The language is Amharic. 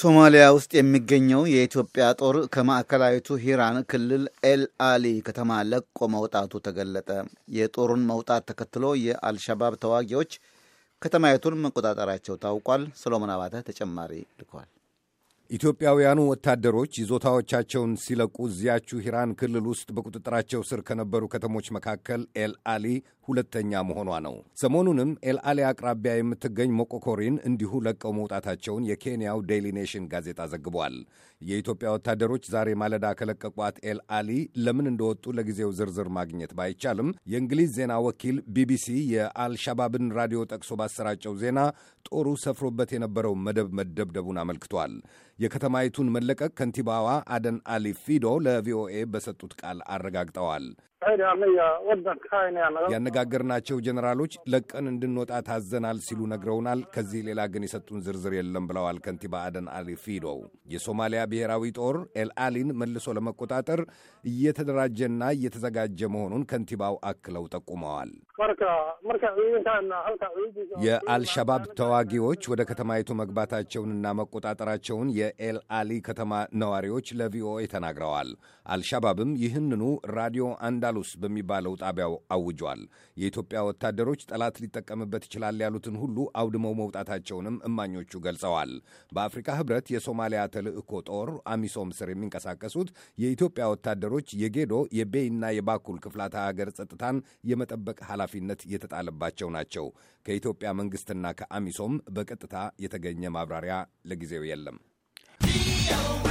ሶማሊያ ውስጥ የሚገኘው የኢትዮጵያ ጦር ከማዕከላዊቱ ሂራን ክልል ኤል አሊ ከተማ ለቆ መውጣቱ ተገለጠ። የጦሩን መውጣት ተከትሎ የአልሸባብ ተዋጊዎች ከተማይቱን መቆጣጠራቸው ታውቋል። ሰሎሞን አባተ ተጨማሪ ልከዋል። ኢትዮጵያውያኑ ወታደሮች ይዞታዎቻቸውን ሲለቁ እዚያችሁ ሂራን ክልል ውስጥ በቁጥጥራቸው ስር ከነበሩ ከተሞች መካከል ኤልአሊ ሁለተኛ መሆኗ ነው። ሰሞኑንም ኤልአሊ አቅራቢያ የምትገኝ ሞቆኮሪን እንዲሁ ለቀው መውጣታቸውን የኬንያው ዴይሊ ኔሽን ጋዜጣ ዘግቧል። የኢትዮጵያ ወታደሮች ዛሬ ማለዳ ከለቀቋት ኤልአሊ ለምን እንደወጡ ለጊዜው ዝርዝር ማግኘት ባይቻልም የእንግሊዝ ዜና ወኪል ቢቢሲ የአልሻባብን ራዲዮ ጠቅሶ ባሰራጨው ዜና ጦሩ ሰፍሮበት የነበረው መደብ መደብደቡን አመልክቷል። የከተማይቱን መለቀቅ ከንቲባዋ አደን አሊ ፊዶ ለቪኦኤ በሰጡት ቃል አረጋግጠዋል። ሄዳለያ ወደካ ያነጋገርናቸው ጀኔራሎች ለቀን እንድንወጣ ታዘናል ሲሉ ነግረውናል። ከዚህ ሌላ ግን የሰጡን ዝርዝር የለም ብለዋል ከንቲባ አደን አሊ ፊዶ። የሶማሊያ ብሔራዊ ጦር ኤልአሊን መልሶ ለመቆጣጠር እየተደራጀና እየተዘጋጀ መሆኑን ከንቲባው አክለው ጠቁመዋል። የአልሸባብ ተዋጊዎች ወደ ከተማይቱ መግባታቸውንና መቆጣጠራቸውን የኤልአሊ ከተማ ነዋሪዎች ለቪኦኤ ተናግረዋል። አልሸባብም ይህንኑ ራዲዮ አንዳሉ ናብሉስ በሚባለው ጣቢያው አውጇል። የኢትዮጵያ ወታደሮች ጠላት ሊጠቀምበት ይችላል ያሉትን ሁሉ አውድመው መውጣታቸውንም እማኞቹ ገልጸዋል። በአፍሪካ ህብረት የሶማሊያ ተልዕኮ ጦር አሚሶም ስር የሚንቀሳቀሱት የኢትዮጵያ ወታደሮች የጌዶ የቤይና የባኩል ክፍላተ ሀገር ጸጥታን የመጠበቅ ኃላፊነት የተጣለባቸው ናቸው። ከኢትዮጵያ መንግስትና ከአሚሶም በቀጥታ የተገኘ ማብራሪያ ለጊዜው የለም።